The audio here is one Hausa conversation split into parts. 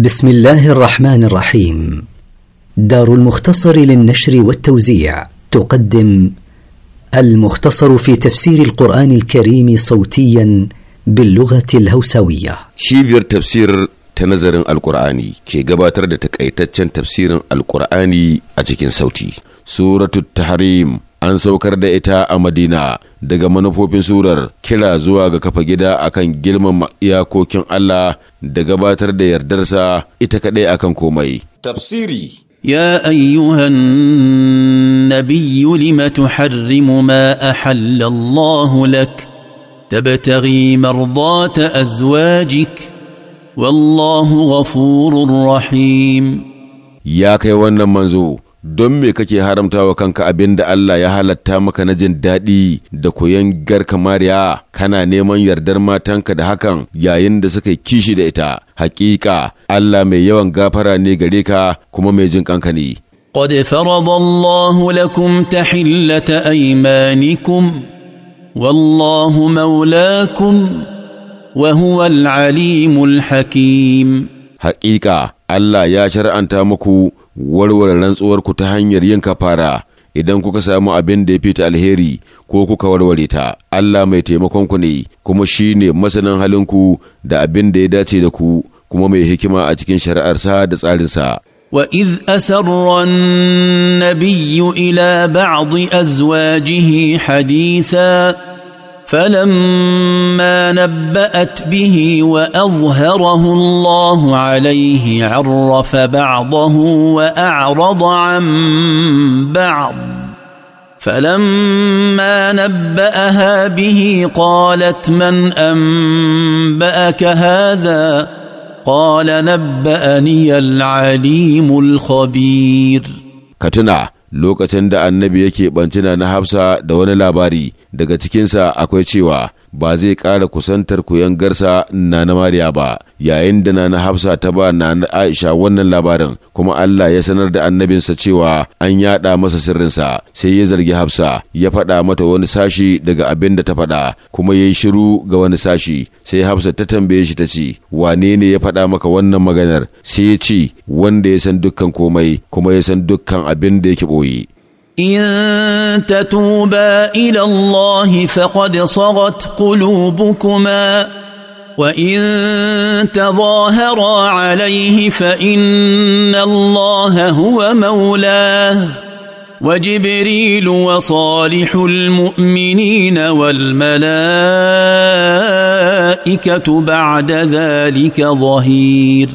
بسم الله الرحمن الرحيم دار المختصر للنشر والتوزيع تقدم المختصر في تفسير القرآن الكريم صوتيا باللغة الهوسوية شيفير تفسير تنظر القرآن كي قباتر تكأيتتشن تفسير القرآن أتكين صوتي سورة التحريم an saukar da ita a madina daga manufofin surar kira zuwa ga kafa gida akan kan iyakokin Allah da gabatar da yardarsa ita kaɗai akan komai. Tafsiri Ya ayyuhan nabiyyu lima tuharrimu ma ahallallahu lak tabtaghi mardata azwajik wallahu ghafurur rahim Ya kai wannan manzo don me kake haramta wa kanka abin da Allah ya halatta maka na jin daɗi da koyon garka mariya kana neman yardar matanka da hakan yayin da suka kishi da ita hakika Allah mai yawan gafara ne gare ka kuma mai jin kanka ne قد فرض الله لكم تحلة أيمانكم والله مولاكم وهو العليم الحكيم حقيقة الله يا شرع أنت مكو warware rantsuwarku ta hanyar yin kafara idan kuka samu abin da ya fi ta alheri ko kuka warware ta Allah mai taimakon ku ne kuma shi ne masanin halinku da abin da ya dace da ku kuma mai hikima a cikin shari'arsa da tsarinsa. وإذ أسر النبي إلى بعض أزواجه حديثاً فلما نبأت به وأظهره الله عليه عرف بعضه وأعرض عن بعض فلما نبأها به قالت من أنبأك هذا قال نبأني العليم الخبير كتنا لوكتن da النبي yake bancina na دون da wani daga cikinsa akwai cewa ba zai kara kusantar kuyan garsa na na Mariya ba yayin da na Hafsa ta ba na Aisha wannan labarin kuma Allah ya sanar da annabinsa cewa an yada masa sirrinsa sai ya zargi Hafsa ya faɗa mata wani sashi daga abin da ta faɗa kuma ya yi shiru ga wani sashi sai Hafsa ta tambaye shi ta ce wane ne ya faɗa maka wannan maganar sai ya ce wanda ya san dukkan komai kuma ya san dukkan abin da yake ɓoye ان تتوبا الى الله فقد صغت قلوبكما وان تظاهرا عليه فان الله هو مولاه وجبريل وصالح المؤمنين والملائكه بعد ذلك ظهير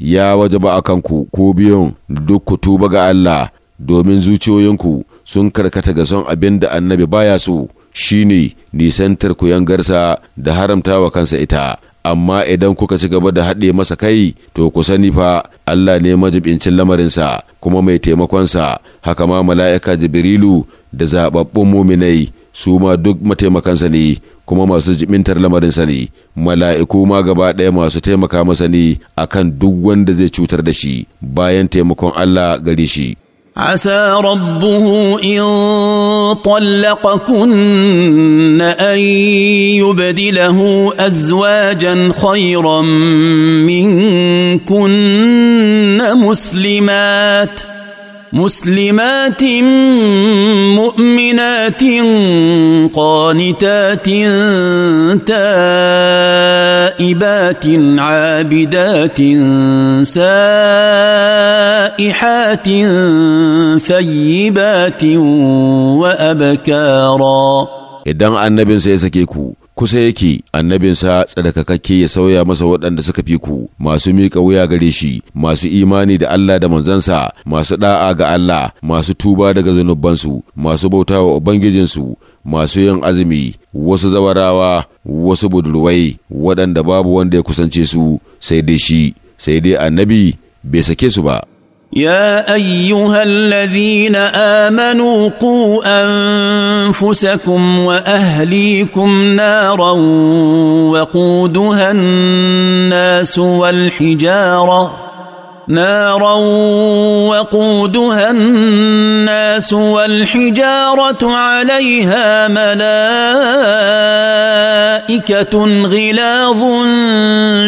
يا وجب اكنكو كوبيون دوكو توبه الله domin zuciyoyinku sun karkata ga son abin da annabi baya so shine nisantar ku yangarsa da haramta wa kansa ita amma idan kuka ci gaba da haɗe masa kai to ku sani fa Allah ne majibincin lamarinsa kuma mai taimakonsa haka ma mala'ika jibrilu da zababbun muminai su ma duk mataimakansa ne kuma masu jibintar lamarinsa ne mala'iku ma gaba ɗaya masu taimaka masa ne a kan duk wanda zai cutar da shi bayan taimakon Allah gare shi عسى ربه ان طلقكن ان يبدله ازواجا خيرا منكن مسلمات مسلمات مؤمنات قانتات تائبات عابدات سائحات ثيبات وابكارا idan النبي سيسكيكو kusa yake annabinsa tsarkakakke ya sauya masa waɗanda suka fi ku masu miƙa wuya gare shi masu imani da Allah da manzansa masu ɗa'a ga Allah masu tuba daga zunubansu masu bauta bautawa ubangijinsu masu yin azumi wasu zawarawa wasu budurwai waɗanda babu wanda ya kusance su sai dai shi sai dai annabi bai sake su ba يا ايها الذين امنوا قوا انفسكم واهليكم نارا وقودها الناس والحجاره نارا وقودها الناس والحجاره عليها ملائكه غلاظ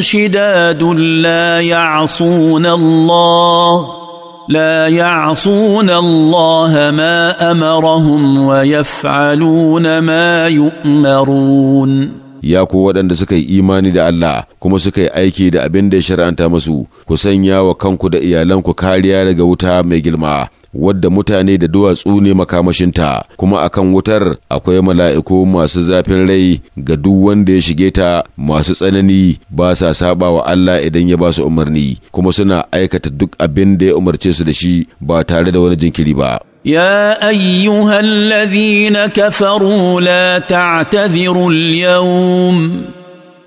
شداد لا يعصون الله لا يعصون الله ما امرهم ويفعلون ما يؤمرون ya waɗanda suka yi imani da Allah kuma suka yi aiki da abin da ya shari'anta musu ku sanya wa kanku da iyalanku kariya daga wuta mai girma wadda mutane da duwatsu ne makamashinta kuma akan wutar akwai mala'iku masu zafin rai ga duk wanda ya shige ta masu tsanani ba sa saba wa Allah idan ya ba su umarni kuma suna aikata duk abin da ya umarce su da shi ba tare da wani jinkiri ba يا ايها الذين كفروا لا تعتذروا اليوم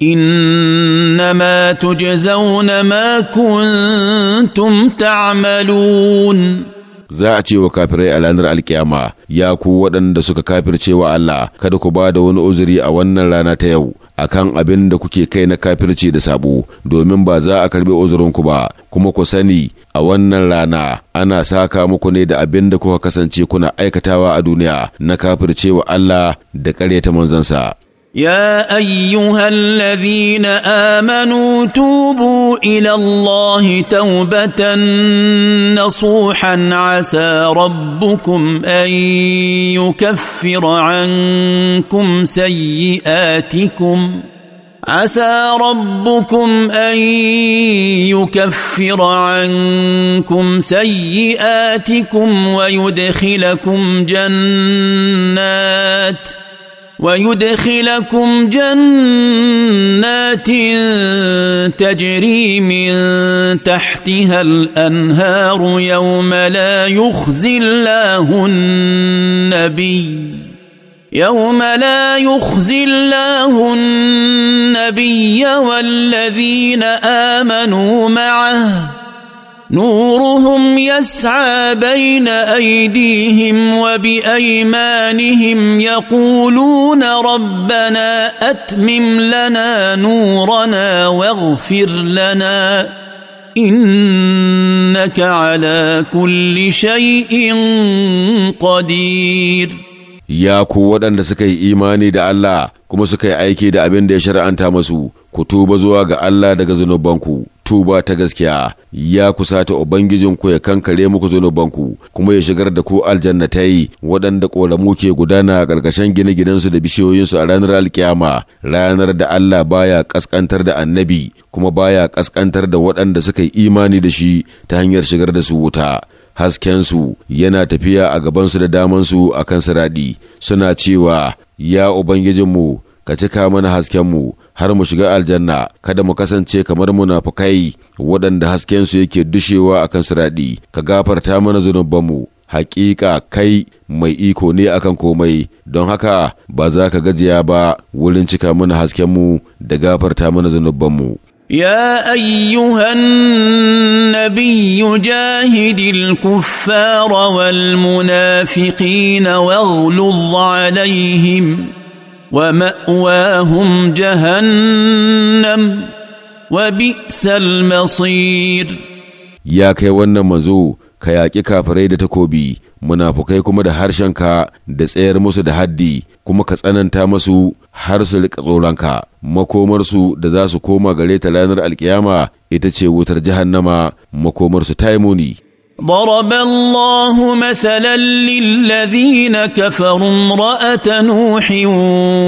انما تجزون ما كنتم تعملون za a ce wa kafirai a ranar alkiyama ya ku waɗanda suka kafirce wa Allah kada ku ba da wani uzuri a wannan rana ta yau akan abin da kuke kai na kafirce da sabo domin ba za a karbi ku ba kuma ku sani a wannan rana ana saka muku ne da abin da kuka kasance kuna aikatawa a duniya na kafircewa Allah da ƙaryata manzansa يا ايها الذين امنوا توبوا الى الله توبه نصوحا عسى ربكم ان يكفر عنكم سيئاتكم عسى ربكم ان يكفر عنكم سيئاتكم ويدخلكم جنات ويدخلكم جنات تجري من تحتها الانهار يوم لا يخزي الله النبي يوم لا يخزي الله النبي والذين امنوا معه نورهم يسعى بين ايديهم وبايمانهم يقولون ربنا اتمم لنا نورنا واغفر لنا انك على كل شيء قدير ya ku waɗanda suka yi imani da Allah kuma suka yi aiki da abin da ya shari'anta masu ku tuba zuwa ga Allah daga zunubanku tuba ta gaskiya ya kusata ubangijinku ya kankare muku zunubanku kuma ya shigar da ku aljannatai waɗanda ƙoramu ke gudana a ƙarƙashin gine-ginensu da bishiyoyinsu a ranar alkiyama ranar da Allah baya ƙasƙantar da annabi kuma baya ƙasƙantar da waɗanda suka yi imani da shi ta hanyar shigar da su wuta haskensu yana tafiya a gabansu da damansu a kan suna cewa ya ubangijinmu ka cika mana haskenmu har mu shiga aljanna kada mu kasance kamar munafukai waɗanda su yake dushewa akan siraɗi ka gafarta mana zunubanmu hakika kai mai iko ne akan komai don haka ba za ka gajiya ba wurin cika mana haskenmu da gafarta mana zunubanmu يا ايها النبي جاهد الكفار والمنافقين واغلظ عليهم وماواهم جهنم وبئس المصير يا كي wannan manzo ka yaƙi kafirai da takobi munafukai kuma da harshenka da tsayar musu da haddi kuma ka tsananta masu har su riƙa tsoronka makomarsu da za su koma gare ta ranar alkiyama ita ce wutar jahannama makomarsu taimoni ضرب الله مثلا للذين كفروا امراه نوح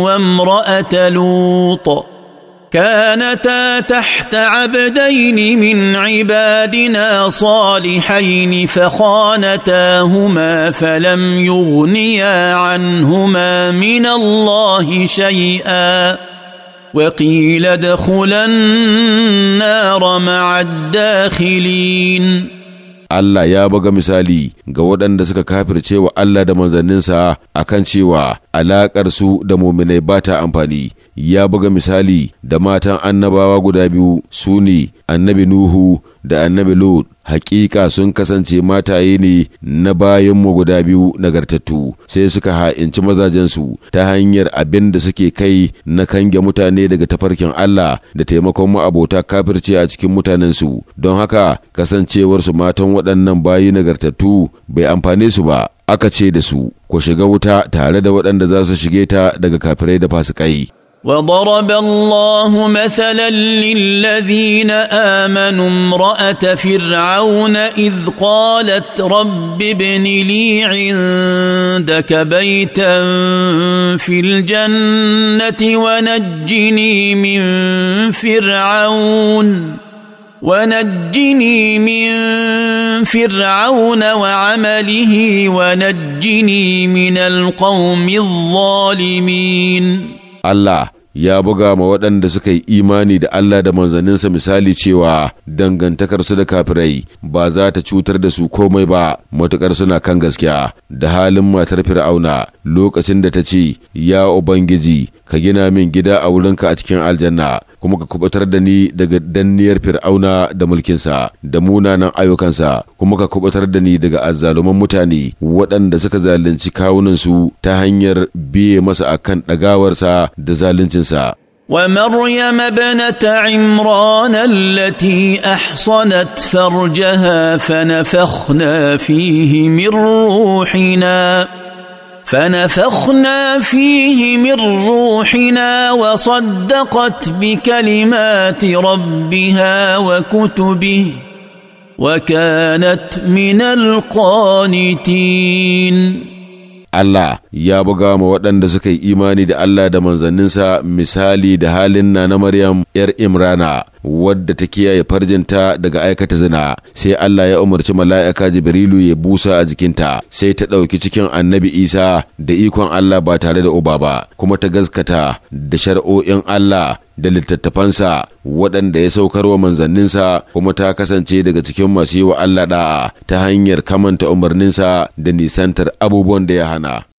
وامراه لوط كانتا تحت عبدين من عبادنا صالحين فخانتاهما فلم يغنيا عنهما من الله شيئا وقيل ادخلا النار مع الداخلين Allah ya buga misali ga waɗanda suka kafirce wa Allah da manzanninsa a kan cewa alaƙar su da muminai ba ta amfani ya buga misali da matan annabawa guda biyu su ne annabi Nuhu da annabi Lut hakika sun kasance mataye ne na bayanmu guda biyu nagartattu sai suka ha'inci mazajensu ta hanyar abin da suke kai na kange mutane daga tafarkin Allah da taimakon ma'abota kafirce a cikin mutanensu don haka kasancewarsu matan waɗannan bayi nagartattu bai amfane su ba aka ce da su ku shiga wuta tare da waɗanda za su shige ta daga kafirai da fasikai. وضرب الله مثلا للذين امنوا امراه فرعون اذ قالت رب ابن لي عندك بيتا في الجنه ونجني من فرعون ونجني من فرعون وعمله ونجني من القوم الظالمين Allah ya buga ma waɗanda suka yi imani da Allah da manzanninsa misali cewa dangantakarsu da kafirai ba za ta cutar da su komai ba matuƙar suna kan gaskiya da halin matar fir'auna lokacin da ta ce ya ubangiji ka gina min gida a wurinka a cikin aljanna kuma ka kubutar da ni daga danniyar fir'auna da mulkinsa da munanan ayyukansa kuma ka kubutar da ni daga azzaluman mutane waɗanda suka zalunci kawunansu ta hanyar biye masa akan ɗagawarsa da zaluncinsa ومريم ابنه عمران التي احصنت فرجها فنفخنا فيه من روحنا فنفخنا فيه من روحنا وصدقت بكلمات ربها وكتبه وكانت من القانتين Allah ya buga ma waɗanda suka yi imani da Allah da manzanninsa misali da halin na na Maryam ‘yar Imrana wadda ta kiyaye farjinta daga aikata zina sai Allah ya umarci mala'ika Jibrilu ya busa a jikinta sai ta ɗauki cikin annabi Isa da ikon Allah ba tare da uba ba kuma ta gaskata da shar'o'in Allah da littattafansa waɗanda ya saukar wa manzanninsa kuma ta kasance daga cikin masu yi wa Allah da'a ta hanyar kamanta umarninsa da nisantar abubuwan da ya hana.